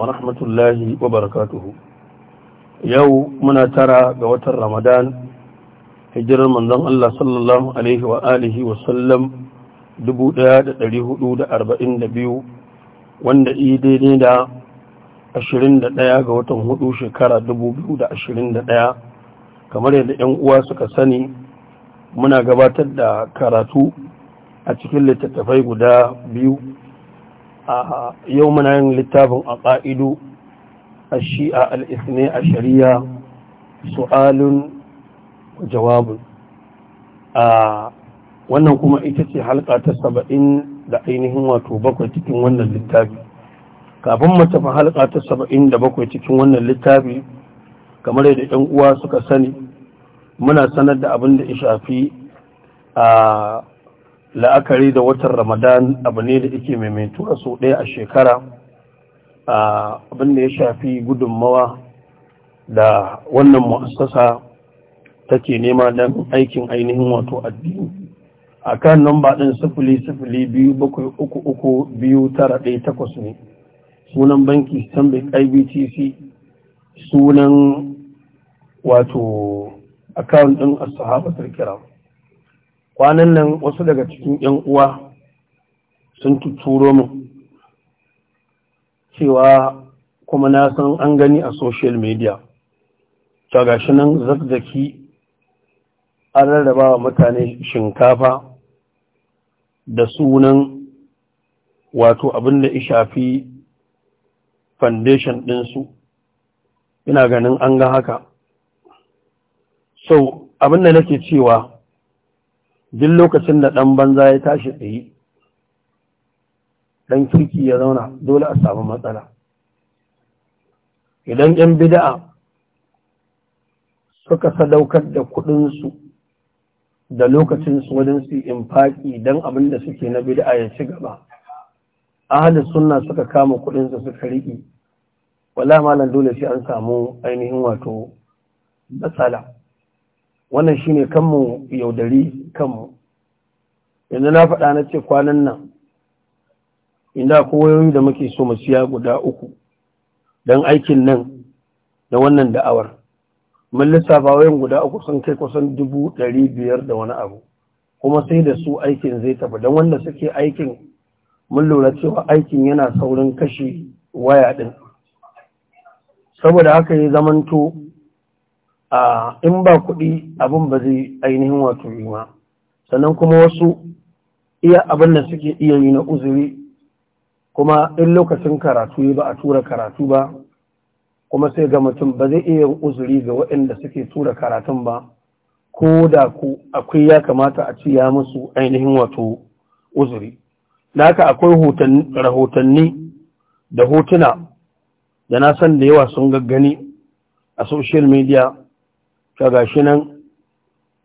warahmatullahi wa barakatuhu yau muna tara ga watan ramadan hijirar manzon Allah sallallahu alaihi wa alihi wa sallam 1442 wanda yi daidai da 21 ga watan hudu shekara 2021 kamar yadda 'yan uwa suka sani muna gabatar da karatu a cikin littattafai guda biyu a yau muna yin littafin a ƙa'idu a shi'a al'isne a shari'a su'alun jawabin a wannan kuma ita ce halka ta saba'in da ainihin wato bakwai cikin wannan littafi kafin mu tafi halka ta saba'in da bakwai cikin wannan littafi kamar yadda 'yan uwa suka sani muna sanar da abin da ya shafi a ah, la'akari da watan ramadan abu ne da ike maimaituwa sau ɗaya a shekara abin da ya shafi gudunmawa da wannan mu'assasa take nema don aikin ainihin wato addini a kan namba ɗin sifili sifili biyu bakwai uku uku biyu tara ɗaya takwas ne sunan banki stanbic ibtc sunan wato akawun ɗin a sahabatar kiram kwanan nan wasu daga cikin 'yan uwa sun tuturo mu cewa kuma na san an gani a social media ta gashi nan zazzaki an rarraba wa mutane shinkafa da sunan wato abin da shafi foundation ɗinsu ina ganin an ga haka so abin da nake cewa duk lokacin da ɗan banza ya tashi tsaye ɗan kirki ya zauna dole a samu matsala idan 'yan bida'a suka sadaukar da kuɗinsu da lokacinsu wajen su infaki don abin da suke na bida'a ya ci gaba ahalin suna suka kama kuɗinsu suka riƙe wala malam dole sai an samu ainihin wato matsala wannan shine kanmu yaudari kanmu yanzu na faɗa na ce kwanan nan inda kowayoyi da muke so mu siya guda uku don aikin nan da wannan da'awar mun lissafa wayan guda uku sun kai kusan dubu ɗari biyar da wani abu kuma sai da su aikin zai tafi don wanda suke aikin mun lura cewa aikin yana saurin kashe waya ɗin saboda haka yi zamanto a in ba kuɗi abin ba zai ainihin wato yi ma sannan kuma wasu iya abin da suke iya yi na uzuri kuma in lokacin karatu ba a tura karatu ba kuma sai ga mutum ba zai iya yin uzuri ga waɗanda suke tura karatun ba ko da ku akwai ya kamata a ci ya musu ainihin wato uzuri da haka akwai rahotanni da hotuna da na san da yawa sun gaggani a social media ga gashi nan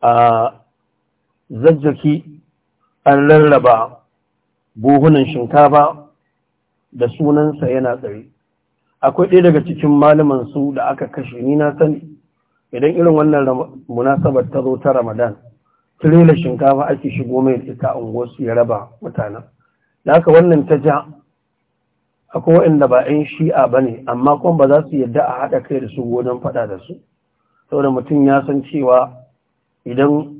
a zazzaki an rarraba buhunan shinkafa da sunansa yana tsare akwai ɗaya daga cikin malaman su da aka kashe ni na sani idan irin wannan munasabar ta zo ta ramadan tirela shinkafa ake shigo mai ita a unguwarsu ya raba mutanen da haka wannan ta ja akwai waɗanda ba 'yan shi'a ba ne amma kuma ba za su yadda a haɗa kai da su wajen faɗa da su saboda mutum ya san cewa idan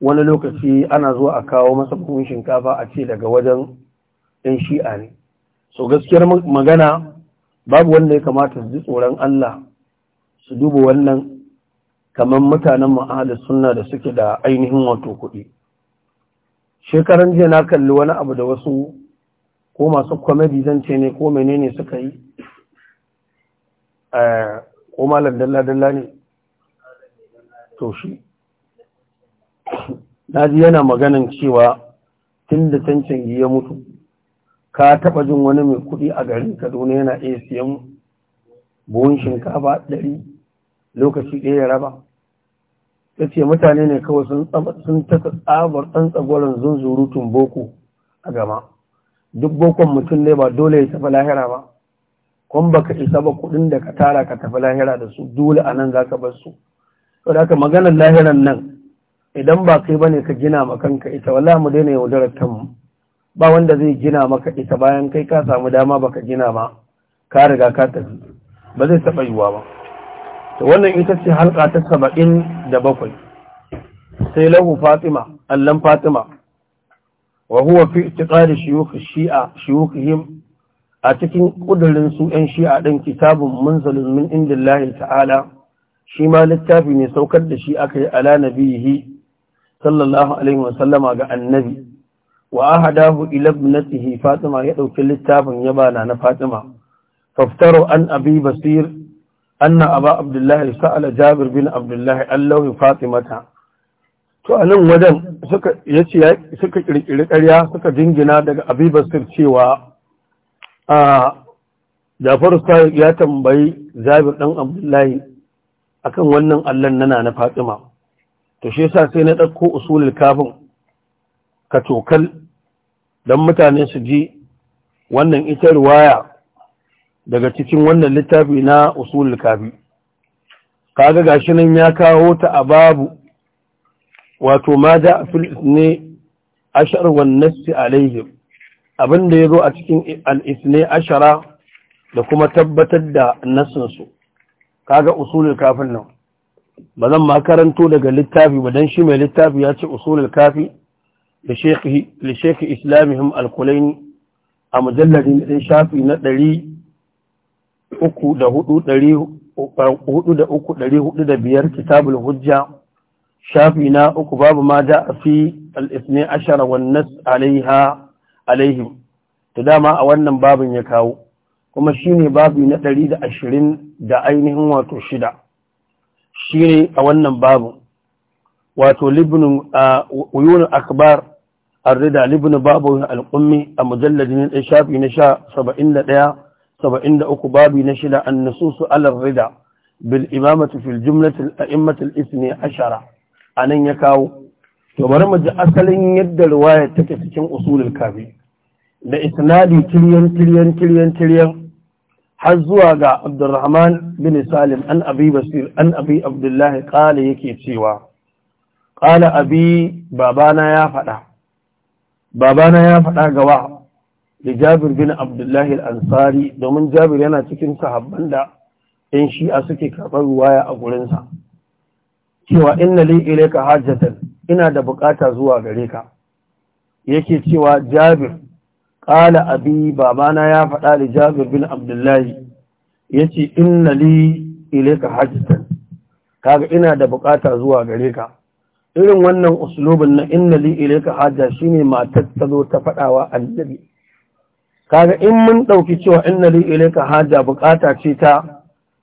wani lokaci ana zuwa a kawo masa shinkafa a ce daga wajen ɗan shi'a ne so gaskiyar magana babu wanda ya kamata su ji tsoron Allah su duba wannan kamar mutanen ma'ahalar sunna da suke da ainihin wato kuɗi shekaran jiya na kalli wani abu da wasu ko masu zan zance ne ko menene suka yi eh, ko malam dalla-dalla ne to Na ji yana maganan cewa tun da tancan ya mutu ka taɓa jin wani mai kuɗi a garin kaduna yana iya siyan buhun shinkafa ɗari lokaci ɗaya ya raba ya ce mutane ne kawai sun taka tsabar tsantsagwaron zunzurutun boko a gama duk bokon mutum ne ba dole ya tafi lahira ba kun baka isa ba kuɗin da ka tara ka tafi lahira da su dole a nan za ka bar su saboda haka maganar lahiran nan idan ba kai bane ka gina ma kanka ita wallahi mu daina yaudarar kanmu ba wanda zai gina maka ita bayan kai ka samu dama baka gina ma ka riga ka tafi ba zai taɓa yiwuwa ba to wannan ita ce halka ta saba'in da bakwai sai lahu fatima allan fatima wa huwa fi itiqadi shuyukh shi'a shuyukhihim a cikin kudurin su yan shi'a din kitabun munzalun min indillahi ta'ala shi ma littafi ne saukar da shi aka yi ala nabiyihi sallallahu alaihi wasallama ga annabi wa ahadahu ila ibnatihi fatima ya dauki littafin ya bana na fatima faftaru an abi basir anna aba abdullahi sa'ala jabir bin abdullahi allahu fatimata to a nan wajen suka yace suka kirkiri ƙarya suka dingina daga abi basir cewa a Jafaru Sadiq ya tambayi Jabir dan Abdullahi akan wannan Allah nana na Fatima to shi yasa sai na ɗauko usulul kafin ka tokal don mutane su ji wannan ita ruwaya daga cikin wannan littafi na usulul kafi kaga gashi nan ya kawo ta a babu wato ma da fil ne ashar wan alaihim abinda yazo a cikin al ashara da kuma tabbatar da nasansu. Ka kaga usulul kafin nan ba zan ma karanto daga littafi ba dan shi mai littafi ya ce usulul kafi da shekhi li islamihim al-kulaini a mujalladin ɗin shafi na ɗari uku da hudu da biyar kitabul hujja shafi na uku babu ma da a fi al'isne ashara wannan alaiha alaihim to dama a wannan babin ya kawo kuma shine babu na ɗari da ashirin da ainihin wato shida shine a wannan babu wato libnin a uyun akbar arrida libnin babu al-ummi a mujalladin ɗin shafi na sha saba'in da ɗaya saba'in da uku babi na shida an su alar rida bil imamatu fil jumlatil a'immatil isni ashara anan ya kawo to bari mu ji asalin yadda riwaya take cikin usulul kafi da isnadi tiryan tiryan tiryan tiryan har zuwa ga Abdulrahman bin Salim an abi basir an abi Abdullahi ƙala yake cewa ƙala abi babana ya faɗa babana ya faɗa gawa da Jabir bin Abdullahi al-Ansari domin Jabir yana cikin sahabban da ‘yan shi'a suke karɓar ruwaya a gurinsa cewa inna li ilaika hajjatan ina da bukata zuwa gare ka yake cewa Jabir qala abi babana ya faɗa da jabir bin abdullahi yace inna li ilayka hajjatan kaga ina da bukata zuwa gare ka irin wannan uslubin na inna li ilayka hajja shine matar ta zo ta faɗawa annabi kaga in mun ɗauki cewa inna li ilayka hajja bukata ce ta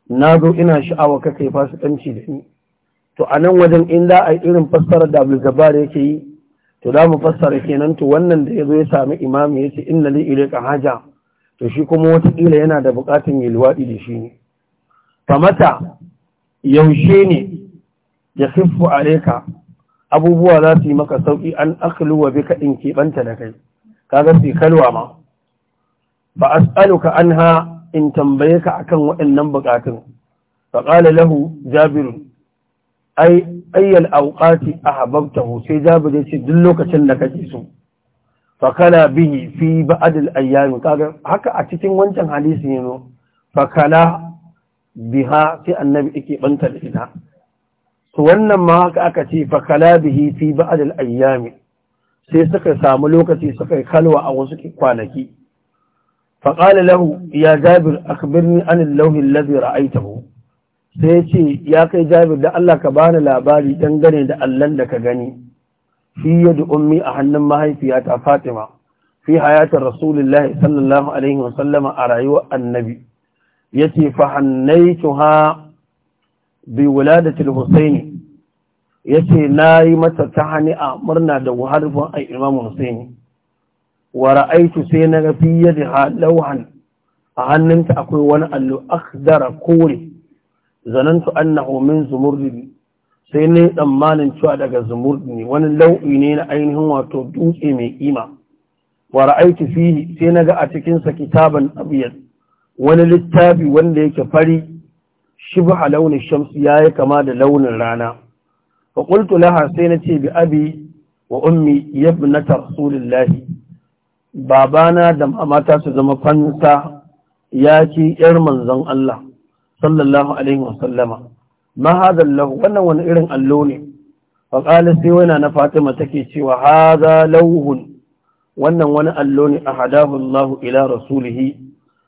na zo ina sha'awa kakai kai fasikanci da ni to a nan wajen in za a yi irin fassarar da abdul yake yi to da mu fassara kenan to wannan da yazo ya sami imami yace inna li ilaka haja to shi kuma wata kila yana da bukatun yi luwadi da shi ne famata yaushe ne ya khiffu alayka abubuwa za su yi maka sauki an aklu wa bika in da kai kaga sai kalwa ma ba as'aluka anha in tambaye ka akan waɗannan bukatun fa qala lahu jabirun ai ayyal auqati ahbabtahu sai jabir ya ce duk lokacin da kake so fa kana bihi fi ba'd al ayyam kaga haka a cikin wancan hadisi ne fa kana biha sai annabi yake banta da ita to wannan ma haka aka ce fa kana bihi fi ba'd al ayyam sai suka samu lokaci suka kalwa a wasu kwanaki fa qala lahu ya jabir akhbirni an al lawhi alladhi ra'aytahu sai ce ya kai jabir da Allah ka bani labari dangane da allah da ka gani fi yadda ummi a hannun mahaifiyata fatima fi hayatar rasulullahi sallallahu alaihi wasallama a rayuwar annabi ya ce fahannaitu ha bi wuladatul husaini ya ce na yi mata ta hani a murna da harfin a imamu husaini wa ra'aitu sai na ga fi yadda lauhan a hannunta akwai wani allo akhdara kore zanantu annahu min zumurdi sai ne tsammanin cewa daga zumurdi ne wani lau'i ne na ainihin wato dutse mai kima wa ra'aitu fihi sai naga a cikin sa kitaban wani littafi wanda yake fari a launin ya yayi kama da launin rana fa qultu laha sai nace bi abi wa ummi yabnata rasulillahi babana da mamata su zama fansa ya ci ‘yar manzon Allah, sallallahu alaihi wasallama ma hadha law wannan wani irin allo ne fa qala sai wana na fatima take cewa hadha lawhun wannan wani allo ne ahadahu Allah ila rasulihi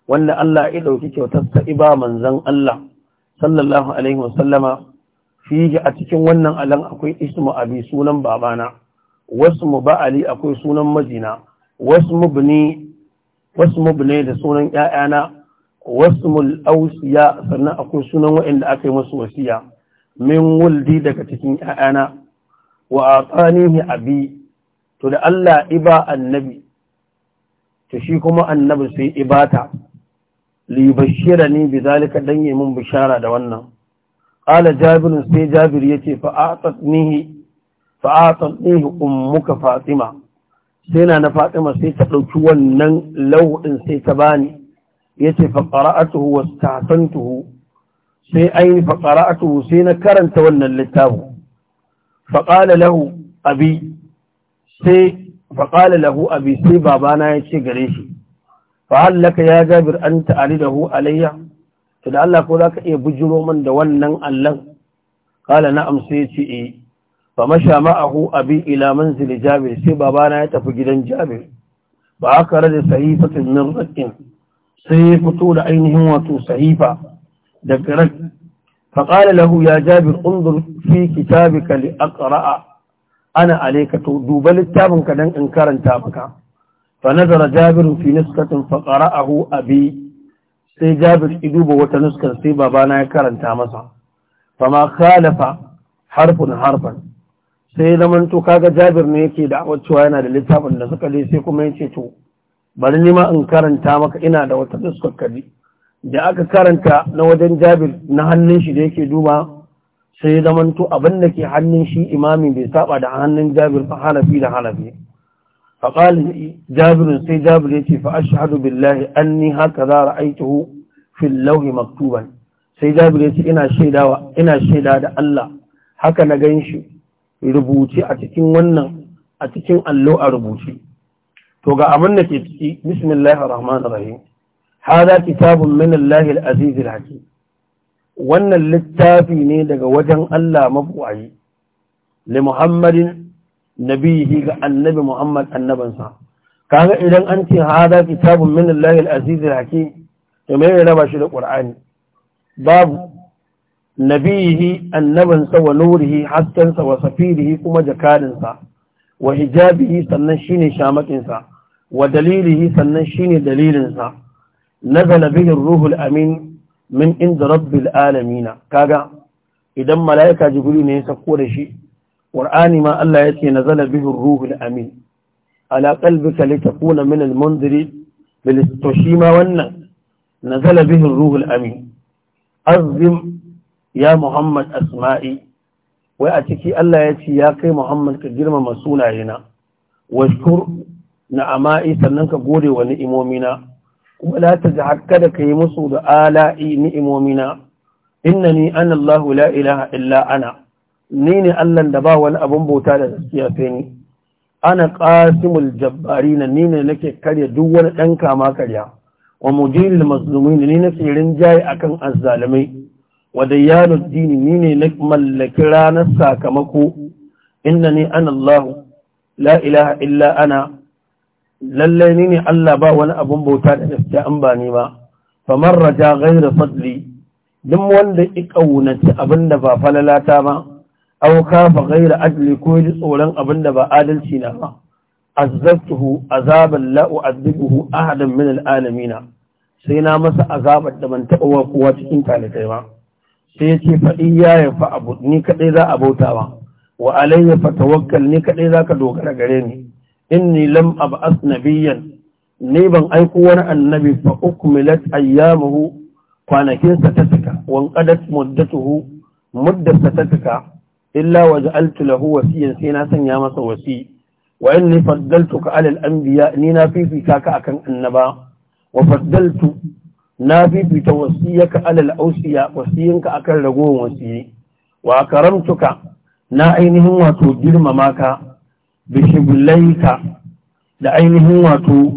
wanda Allah ya dauki kyautar iba manzon Allah sallallahu alaihi wasallama fihi a cikin wannan alan akwai ismu abi sunan babana wasu mu ba'ali akwai sunan majina wasu mubni da sunan ‘ya'yana wasmul ausiya sannan akwai sunan waɗanda aka yi musu wasiya min wuldi daga cikin ‘ya'yana wa aqanihi abi to da Allah iba annabi to shi kuma annabi sai ibata li ni bi zalika dan yi mun bishara da wannan qala jabir sai jabir yace fa a'tatnihi fa a'tatnihi ummuka fatima sai na na fatima sai ta dauki wannan lawdin sai ta bani yace fa qara'atuhu wastahsantuhu sai ai fa qara'atuhu sai na karanta wannan littafin fa qala lahu abi sai fa qala lahu abi sai babana yace gare shi fa hallaka ya jabir an ta'alidahu alayya to da Allah ko zaka iya bujiro man da wannan allan qala na'am sai yace eh fa masha ma'ahu abi ila manzil jabir sai babana ya tafi gidan jabir ba aka rada sahifatan min rakin sai ya fito da ainihin wato sahifa da firar faƙala lahu ya jabir undur fi kitabika li aqra'a ana alayka to duba littafin ka dan in karanta maka fa nazara jabir fi nuskatin fa qara'ahu abi sai jabir ki duba wata nuskar sai babana ya karanta masa fama khalafa harfun harfan sai zaman to kaga jabir ne yake da cewa yana da littafin da suka je sai kuma yace to bari ma in karanta maka ina da wata fuskar kabi da aka karanta na wajen jabir na hannun shi da yake duba sai ya zamanto abin da ke hannun shi imamin bai saba da hannun jabir fa hanafi da hanafi fa qala jabir sai jabir yace fa ashhadu billahi anni hakaza ra'aytuhu fil lawh maktuban sai jabir yace ina shaidawa ina shaida da Allah haka na gan shi a cikin wannan a cikin allo a rubuci to ga abin da ke ciki bismillahir rahmanir rahim hada kitabun min Allahil azizil hakim wannan littafi ne daga wajen Allah mabuwayi li Muhammadin nabihi ga annabi Muhammad annabansa kaga idan an ce hada kitabun min Allahil azizil hakim to me ya raba shi da Qur'ani babu nabihi annabansa wa nurihi haskensa wa safirihi kuma jakadinsa wa hijabihi sannan shine shamakinsa wa dalilihi sannan shine dalilinsa nazala bihin ruhul amin min inda rabbil alamin kaga idan malaika jibril ne ya sako da shi qur'ani ma Allah ya ce nazala bihin ruhul amin ala qalbika litakuna min al mundiri bil ma wannan nazala bihin ruhul amin azim ya muhammad asma'i wai a ciki Allah ya ce ya kai muhammad ka girmama sunayena washkur na'ama'i sannan ka gode wa ni'imomina kuma la ta hakka da ka yi musu da ala'i ni'imomina ni an Allah la ilaha illa ana ni ne Allahn da ba wani abin bauta da gaskiya sai ni ana qasimul jabbarina ni ne nake karya duk wani dan kama karya wa mujilil mazlumin ni tsirin rinjaye akan azzalimai wa dini ni ne na mallaki ranar sakamako ni an Allah la ilaha illa ana lallai ni ne Allah ba wani abun bauta da gaskiya an ba ni ba famar ja ghairu fadli duk wanda ya kaunaci abin da ba falalata ba aw kafa ghairu adli ko ji tsoron abin da ba adalci na ba azzabtuhu azaban la u'adhibuhu ahadan min al'alamin sai na masa azabar da ban taɓa wa kowa cikin talibai ba sai ya ce faɗi ya yafa abu ni kaɗai za a bauta ba wa alayya tawakkal ni kaɗai za ka dogara gare ni inni lam ab'ath nabiyyan ni ban aiko wani annabi fa ukmilat ayyamuhu kwanakinsa ta cika wan qadat muddatuhu muddatsa ta cika illa waja'altu lahu wasiyan sai na sanya masa wasi wa inni faddaltuka 'ala al-anbiya ni na fifita ka akan annaba wa faddaltu na fifita wasiyaka 'ala al-awsiya wasiyanka akan ragowar wasiyi wa karamtuka na ainihin wato girmama ka bishibulaika da ainihin wato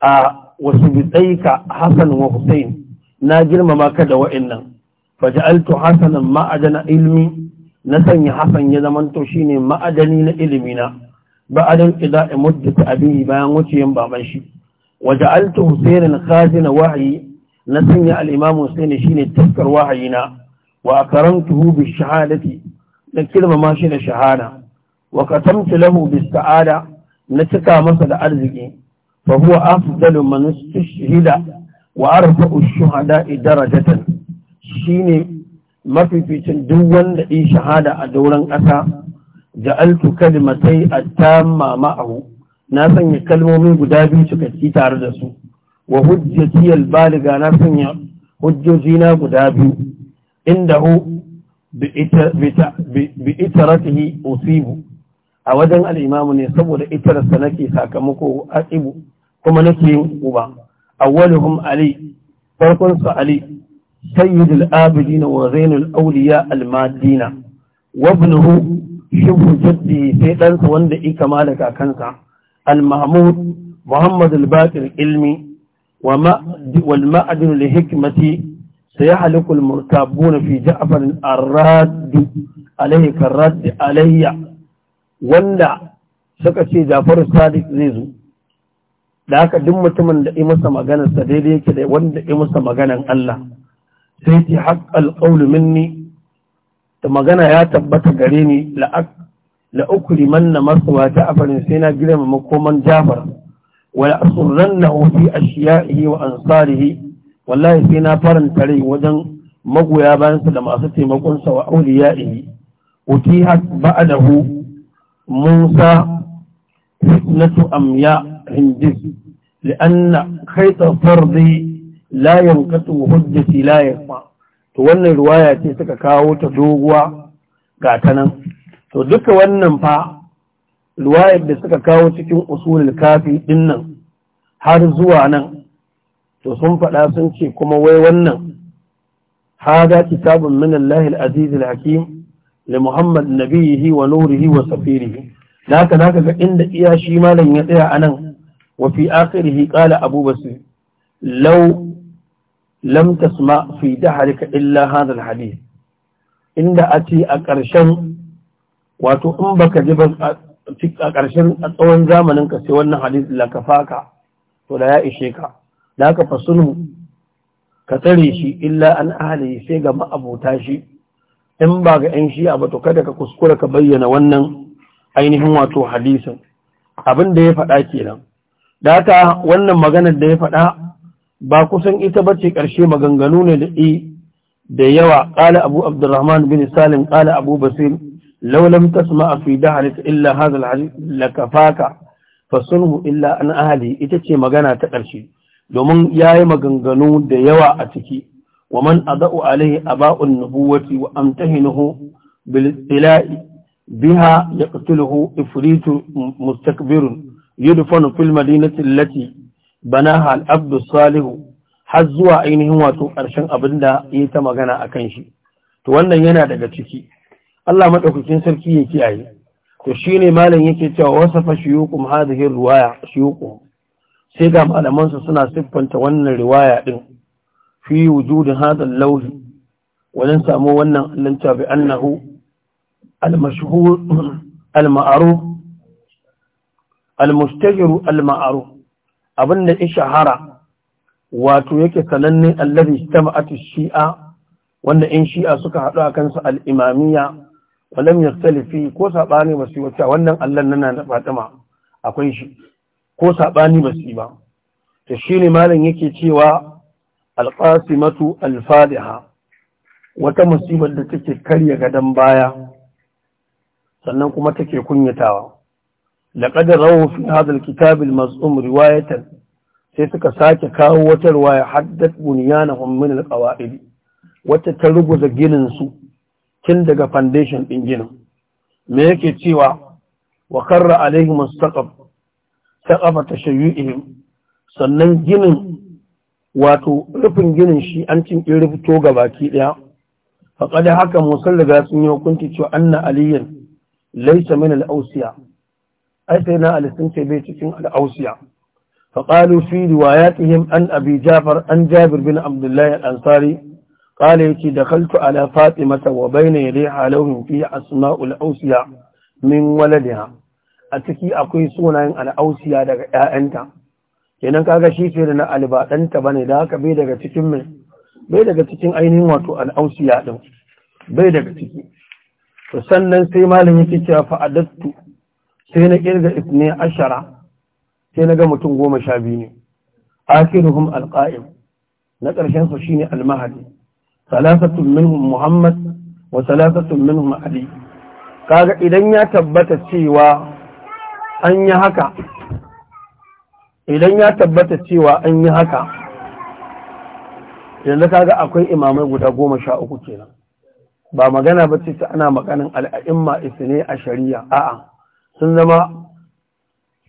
a wasu bitsaika Hassan wa Hussein na girmama ka da wa'annan faja'altu Hassanan ma'adana ilmi na sanya Hassan ya zamanto shine ma'adani na ilimi na ba'adan idza imuddat abi bayan wuciyan baban shi waja'altu Husainan khazina wahayi na sanya al-Imam shi shine taskar wahayi wa akramtuhu bi shahadati na kirmama shi da shahada wa katamtu lahu bis sa'ada na cika masa da arziki fa huwa afdalu man istashhida wa arfa'u shuhada'i darajatan shine mafificin duk wanda yi shahada a dauran ƙasa ja'altu kalimatai at-tamma ma'ahu na sanya kalmomi guda biyu cikakki tare da su wa hujjati al-baliga na sanya hujjojina guda biyu indahu bi itaratihi usibu a wajen al'imamu ne saboda itarsa nake sakamako a tsibu kuma nake yin uba awwaluhum ali farkon ali sayyidul abidin wa zainul Auliya al madina wa ibnuhu jaddi sai ɗansa wanda ika malaka da al mahmud muhammad al baqir ilmi wa ma'adin wal ma'din li hikmati sayahliku al fi ja'far al rad alayhi karad alayya wanda suka ce Jafaru Sadiq zai zo da haka duk mutumin da masa maganar sa daidai yake da wanda masa maganar Allah sai ce haqqal qawlu minni da magana ya tabbata gare ni la'ak la na maswa ta afarin sai na girma makoman Jafar wala asurrannahu fi ashiya'ihi wa ansarihi wallahi sai na faranta rai wajen magoya bayansa da masu taimakonsa wa auliya'ihi utihat ba'dahu موسى فتنة أمياء هندس لأن خيط فرضي لا ينقطع حجتي لا يقطع to wannan ruwaya ce suka kawo ta doguwa ga ta nan to duka wannan fa ruwayar da suka kawo cikin usulul kafi din har zuwa nan to sun faɗa sun ce kuma wai wannan hada kitabun min Allahil Aziz Hakim li Muhammad nabiyihi wa nurihi wa safirihi naka naka ga inda iya shi malam ya tsaya anan wa fi akhirihi qala Abu Basir law lam tasma fi dahrika illa hadha alhadith inda ati a ƙarshen wato in baka ji a ƙarshen a tsawon zamanin ka sai wannan hadith la kafaka to da ya ishe ka la ka fasunu ka tsare shi illa an ahli sai ga ma'abota shi in ba ga 'yan shi'a ba to kada ka kuskura ka bayyana wannan ainihin wato hadisin abin da ya faɗa kenan data wannan maganar da ya faɗa ba kusan ita ce ƙarshe maganganu ne da yawa ƙala abu abdurrahman bin salim ƙala abu basir laulam tasma a fi illa hazal hadis lakafaka fasunhu illa an ahali ita ce magana ta ƙarshe domin ya yi maganganu da yawa a ciki wa man adau alaihi aba'un nubuwati wa amtahinuhu bil tila'i biha yaqtuluhu ifritu mustakbirun yudfanu fil madinati allati banaha al-abd as-salih har zuwa ainihin wato ƙarshen abin da ya ta magana akan shi to wannan yana daga ciki Allah madaukakin sarki ya kiyaye to ne malam yake cewa wasafa shuyukum hadhihi riwaya shuyukum sai ga malaman suna siffanta wannan riwaya din fi wujudi hadha al wajen samu wannan allanta bi annahu al-mashhur al-ma'ruf al-mustajir al-ma'ruf abinda ya shahara wato yake sananne allazi jama'atu shi'a wanda in shi'a suka haɗu a kansa al-imamiyya walam yastalifi ko sabani ba su wata wannan Allah nana da Fatima akwai shi ko sabani ba su ba to shine malam yake cewa alƙasimatu alfadiha wata masibar da take karya gadon baya sannan kuma take kunyatawa laqad rawu fi hadha alkitab almazum riwayatan sai suka sake kawo wata riwaya haddath bunyanahum min alqawaid wata ta ruguza ginin su tun daga foundation ɗin ginin me yake cewa wa karra alaihim mustaqab saqafa tashayyu'ihim sannan ginin wato rufin ginin shi an cin ɗin rubuto ga baki ɗaya faƙa da haka musul daga sun yi hukunci cewa anna aliyin laisa min al'ausiya ai sai na alisun ce bai cikin al'ausiya faƙalu fi riwayatihim an abi jafar an jabir bin abdullahi al'ansari قال يتي دخلت على فاطمة وبين يديها لوهم فيه أسماء الأوسياء min waladiha a ciki akwai sunayen al'ausiya daga ‘ya'yanta, kenan kaga shi sai da na Ali bane da haka bai daga cikin mai bai daga cikin ainihin wato al'ausiya din bai daga ciki to sannan sai malam yake cewa adattu sai na kirga ibn ashara sai na ga mutum goma sha biyu ne akhiruhum alqa'im na ƙarshen su shine almahdi salasatu minhum muhammad wa salasatu minhum ali kaga idan ya tabbata cewa an yi haka idan ya tabbata cewa an yi haka yanzu kaga akwai imamai guda goma sha uku kenan ba magana ba ce ta ana maganin al'a'imma ne a shari'a a'a sun zama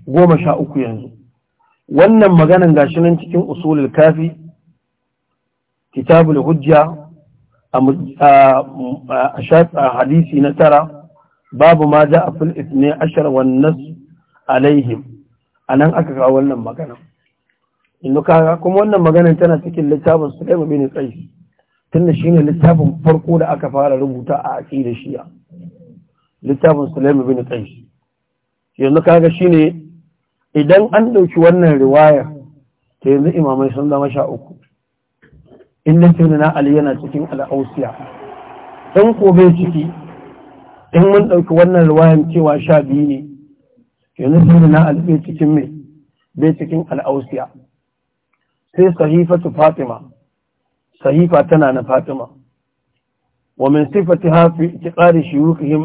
goma sha uku yanzu wannan maganan gashi nan cikin usulul kafi kitabul hujja a hadisi na tara babu ma ja'a fil isne ashar wan nas alaihim a nan aka kawo wannan magana inda kaga kuma wannan magana tana cikin littafin su ɗaya bin tsayi tunda shi ne littafin farko da aka fara rubuta a da shiya littafin ɗaya bin tsayi yanzu kaga shi ne idan an ɗauki wannan riwayar ta yanzu imamai sun zama sha uku inda ce na ali yana cikin al'ausiya In ko bai ciki in mun ɗauki wannan riwayar cewa sha biyu ne yanzu sai na albe cikin mai bai cikin al'ausiya sai sahifatu fatima sahifa tana na fatima wa min sifatiha fi iqari shuyukhihim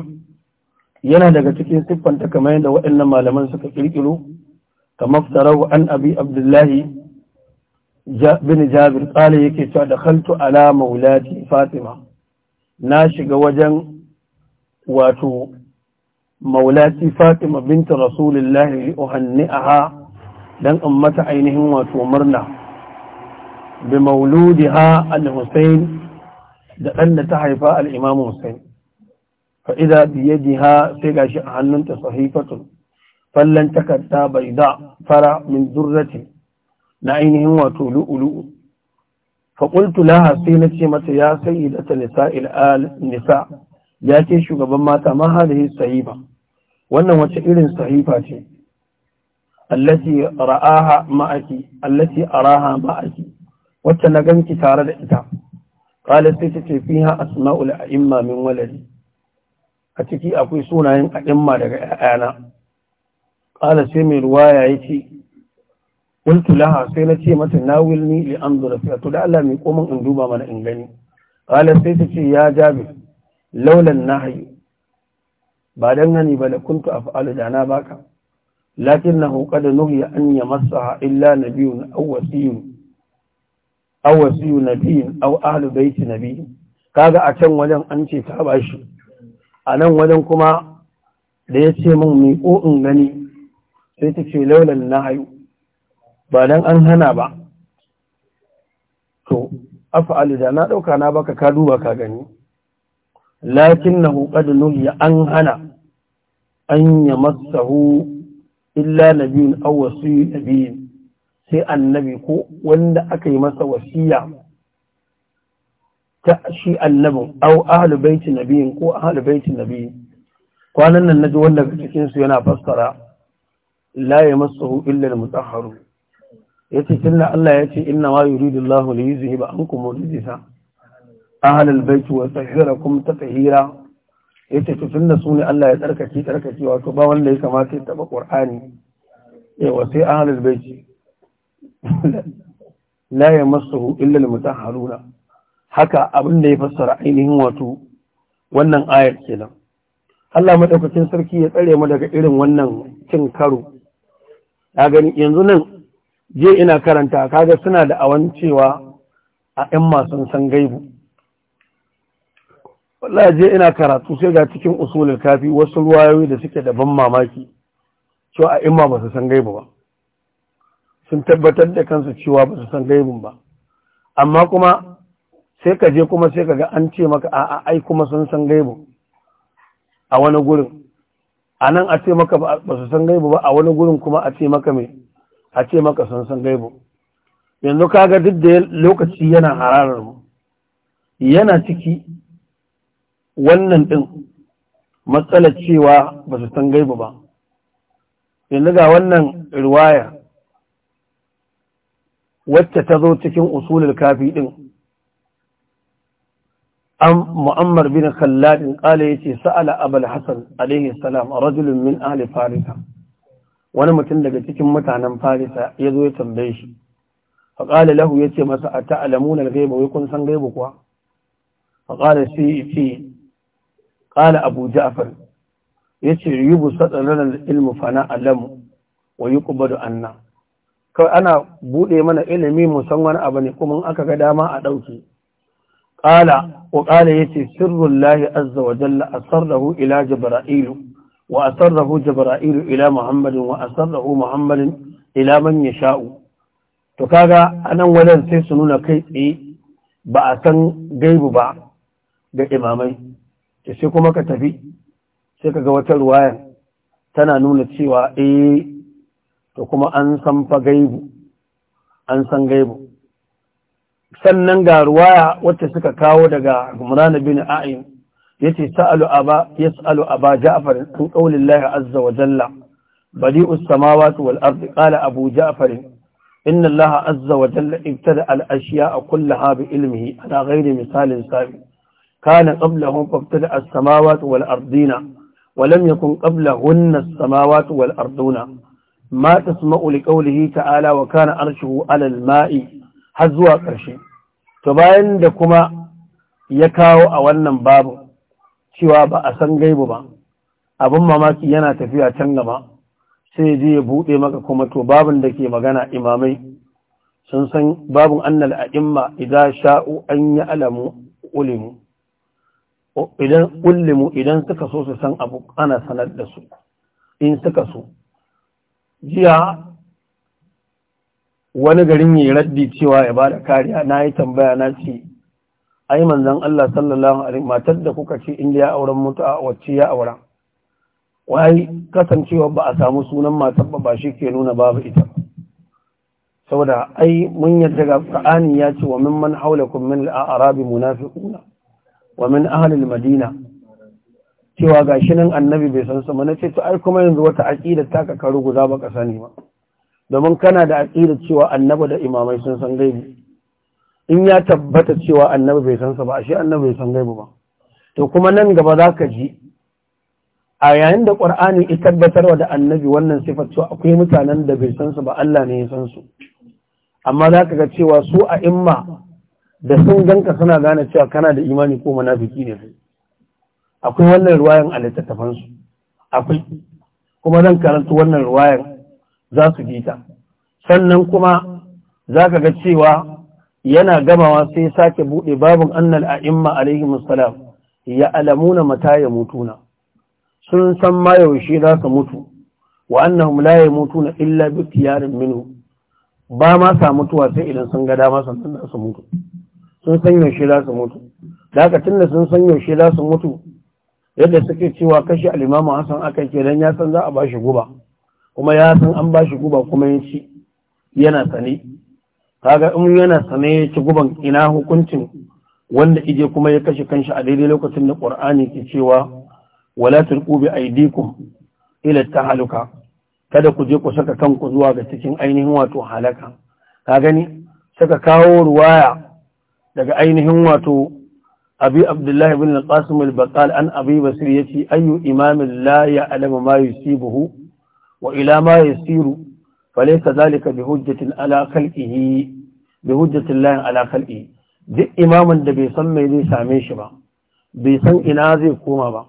yana daga cikin siffanta kamar yadda waɗannan malaman suka kirkiro kamar tarahu an abi abdullahi bin jabir qala yake cewa dakhaltu ala maulati fatima na shiga wajen wato مولاتي فاطمة بنت رسول الله لأهنئها لن أمة عينهم وتومرنا بمولودها الحسين لأن تحيفا الإمام حسين فإذا بيدها سيغاش أهننت صحيفة فلن تكتا بيضاء فرع من ذرة نعينهم وتولؤلؤ فقلت لها سينتي متى يا سيدة نساء الآل نساء ya ce shugaban mata ma hadhihi sahifa wannan wace irin sahifa ce allati ra'aha ma'aki allati araha ma'aki wacce na ganki tare da ita qala sai ta ce fiha asma'ul a'imma min waladi a ciki akwai sunayen a'imma daga 'ya'yana. qala sai mai ruwaya yace qultu laha sai na ce mata nawilni li anzura fiha to da Allah mai in duba mana in gani qala sai ta ce ya jabir laulan na hayu ba dan hani ba da kuntu af'alu da na baka lakinnahu ya nuhiya an yamassaha illa nabiyyun aw wasiyyun aw aw ahlu baiti nabiyyin kaga a can wajen an ce ta bashi a nan wajen kuma da ya ce min mai in gani sai ta ce laulan hayu ba dan an hana ba to af'alu da na ɗauka na baka ka duba ka gani lakinnahu qad nuhiya an hana an yamassahu illa nabiyyun aw wasiyyu nabiyyin sai annabi ko wanda aka yi masa wasiya ta shi annabin Au ahlu baiti nabiyyin ko ahlu baiti nabiyyin kwanan nan naji wanda cikinsu yana fassara la yamassahu illa al-mutahharun yace tunda Allah yace inna ma yuridu Allahu li an kuma rijsa ahlul bait wa tahhirakum tatheera yace to tunda sune Allah ya tsarkake tsarkake wato ba wanda ya kamata ya taba Qur'ani eh wa sai ahlul bait la yamassuhu illa almutahharuna haka abin da ya fassara ainihin wato wannan ayar kenan Allah madaukakin sarki ya tsare mu daga irin wannan cin karo yanzu nan jiya ina karanta kaga suna da awancewa a 'yan masu san gaibu wallahi je ina karatu sai ga cikin usulul kafi wasu ruwayoyi da suke da ban mamaki cewa a imma ba su san gaibu ba sun tabbatar da kansu cewa ba su san gaibun ba amma kuma sai ka je kuma sai ka ga an ce maka a ai kuma sun san gaibu a wani gurin a nan a ce maka ba su san gaibu ba a wani gurin kuma a ce maka me a ce maka sun san gaibu yanzu kaga duk da lokaci yana hararar mu yana ciki wannan ɗin matsalar cewa ba su san gaibu ba yanzu ga wannan riwaya wacce ta zo cikin usulul kafi ɗin an mu'ammar bin kalladin ƙala ya ce sa'ala abal hassan alaihi salam a rajulun min ahli farisa wani mutum daga cikin mutanen farisa ya zo ya tambaye shi faƙali lahu ya ce masa a ta'alamunar gaiba wai kun san gaiba kuwa faƙali sai ya ce قال أبو جعفر يتي يبسط لنا العلم فنعلم ويقبض عنا kawai ana buɗe mana ilimi wani abu ne kuma aka ga dama a ɗauki ƙala wa ƙala ya ce sirrun azza wa jalla a sarrahu ila jibra'ilu wa a sarrahu jibra'ilu ila muhammadin wa a sarrahu ila man sha'u to kaga a nan wajen sai su nuna kai tsaye ba a san gaibu ba da imamai ce sai kuma ka tafi sai ka ga wata ruwaya tana nuna cewa eh to kuma an san fa gaibu an san gaibu sannan ga ruwaya wacce suka kawo daga Imran bin A'im yace sa'alu aba yas'alu aba Ja'far an qaulillahi azza wa jalla badi'us samawati wal ardi qala Abu Ja'far إن الله عز وجل ابتدأ الأشياء كلها بإلمه على غير مثال سابق kana qablahum fabtada as-samawati wal ardina wa lam yakun qablahunna as-samawati wal arduna ma tasma'u li qawlihi ta'ala wa kana arshuhu 'ala al har zuwa ƙarshe to bayan da kuma ya kawo a wannan babu cewa ba a san gaibu ba abin mamaki yana tafiya can gaba sai je ya buɗe maka kuma to babin da ke magana imamai sun san babin annal a a'imma idan sha'u an yi alamu ulimu idan ullimu idan suka so su san abu ana sanar da su in suka so jiya wani garin yi raddi cewa ya bada kariya na yi tambaya na ce ai manzan Allah sallallahu alaihi matar da kuka ce inda ya auren a wacce ya aura wai kasancewa ba a samu sunan matar ba shi ke nuna babu ita saboda ai mun yarda ga Qur'ani ya ce wa mimman haulakum min al-a'rabi munafiquna wa min ahlil madina cewa gashi nan annabi bai san sama na ce to ai kuma yanzu wata ta ka karu guza baka sani ba domin kana da aqida cewa annabi da imamai sun san gaibi in ya tabbata cewa annabi bai san su ba ashe annabi bai san gaibi ba to kuma nan gaba zaka ji a yayin da qur'ani ya wa da annabi wannan sifar cewa akwai mutanen da bai san su ba Allah ne ya san su amma zaka ga cewa su a imma da sun ganka suna gane cewa kana da imani ko munafiki ne su. akwai wannan ruwayan a littattafan akwai kuma zan karanta wannan ruwayan za su ji ta sannan kuma za ka ga cewa yana gamawa sai sake buɗe babu annal a'imma alaihi musallam ya alamuna mata ya mutuna sun san ma yaushe za su mutu wa ya mutu na illa bi tiyarin minu. ba ma sa mutuwa sai idan sun ga dama sannan su mutu sun san yaushe za su mutu da tun da sun san yaushe za su mutu yadda suke cewa kashe alimamu hassan aka yi kenan ya san za a bashi guba kuma ya san an bashi guba kuma ya ci yana sane kaga in yana sane ya ci guban ina hukuncin wanda ije kuma ya kashe kanshi a daidai lokacin da qur'ani ke cewa wala tulqu bi aidikum ila tahaluka kada ku je ku saka kanku zuwa ga cikin ainihin wato halaka ka gani saka kawo ruwaya daga ainihin wato abi abdullahi bin al-qasim al-baqal an abi basir yace ayu imamin la ya'lamu ma yusibuhu wa ila ma yasiru falaysa zalika bi hujjatin ala khalqihi bi hujjatin la ala khalqihi duk imamin da bai san mai zai same shi ba bai san ina zai koma ba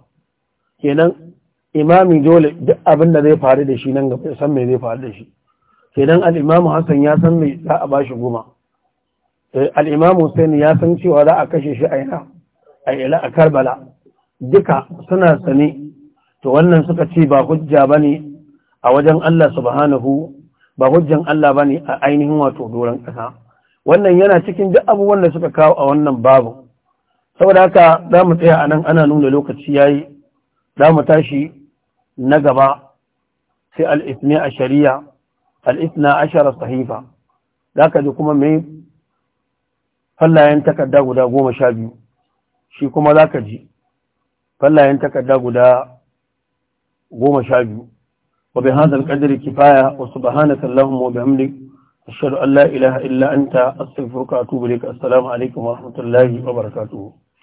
kenan imamin dole duk abin da zai faru da shi nan gaba san mai zai faru da shi kenan al-imamu hasan ya san mai za a bashi goma Eh, al'imam Hussein ya san cewa za a kashe shi a yana a ila a karbala duka suna sani to wannan suka ce ba hujja ba ne a wajen Allah subhanahu ba hujjan Allah ba ne a ainihin wato doron ƙasa wannan yana cikin duk abubuwan da suka kawo a wannan babu saboda haka za mu tsaya a nan ana nuna lokaci ya yi za mu tashi na gaba sai al'isni a shari'a al'isna ashara sahifa za ka ji kuma mai fallayen takarda guda goma sha biyu shi kuma za ka ji fallayen takarda guda goma sha biyu wa bi hadal qadri kifaya wa subhanaka allahumma wa bihamdik ashhadu an la ilaha illa anta astaghfiruka wa atubu ilaik assalamu alaikum wa rahmatullahi wa barakatuh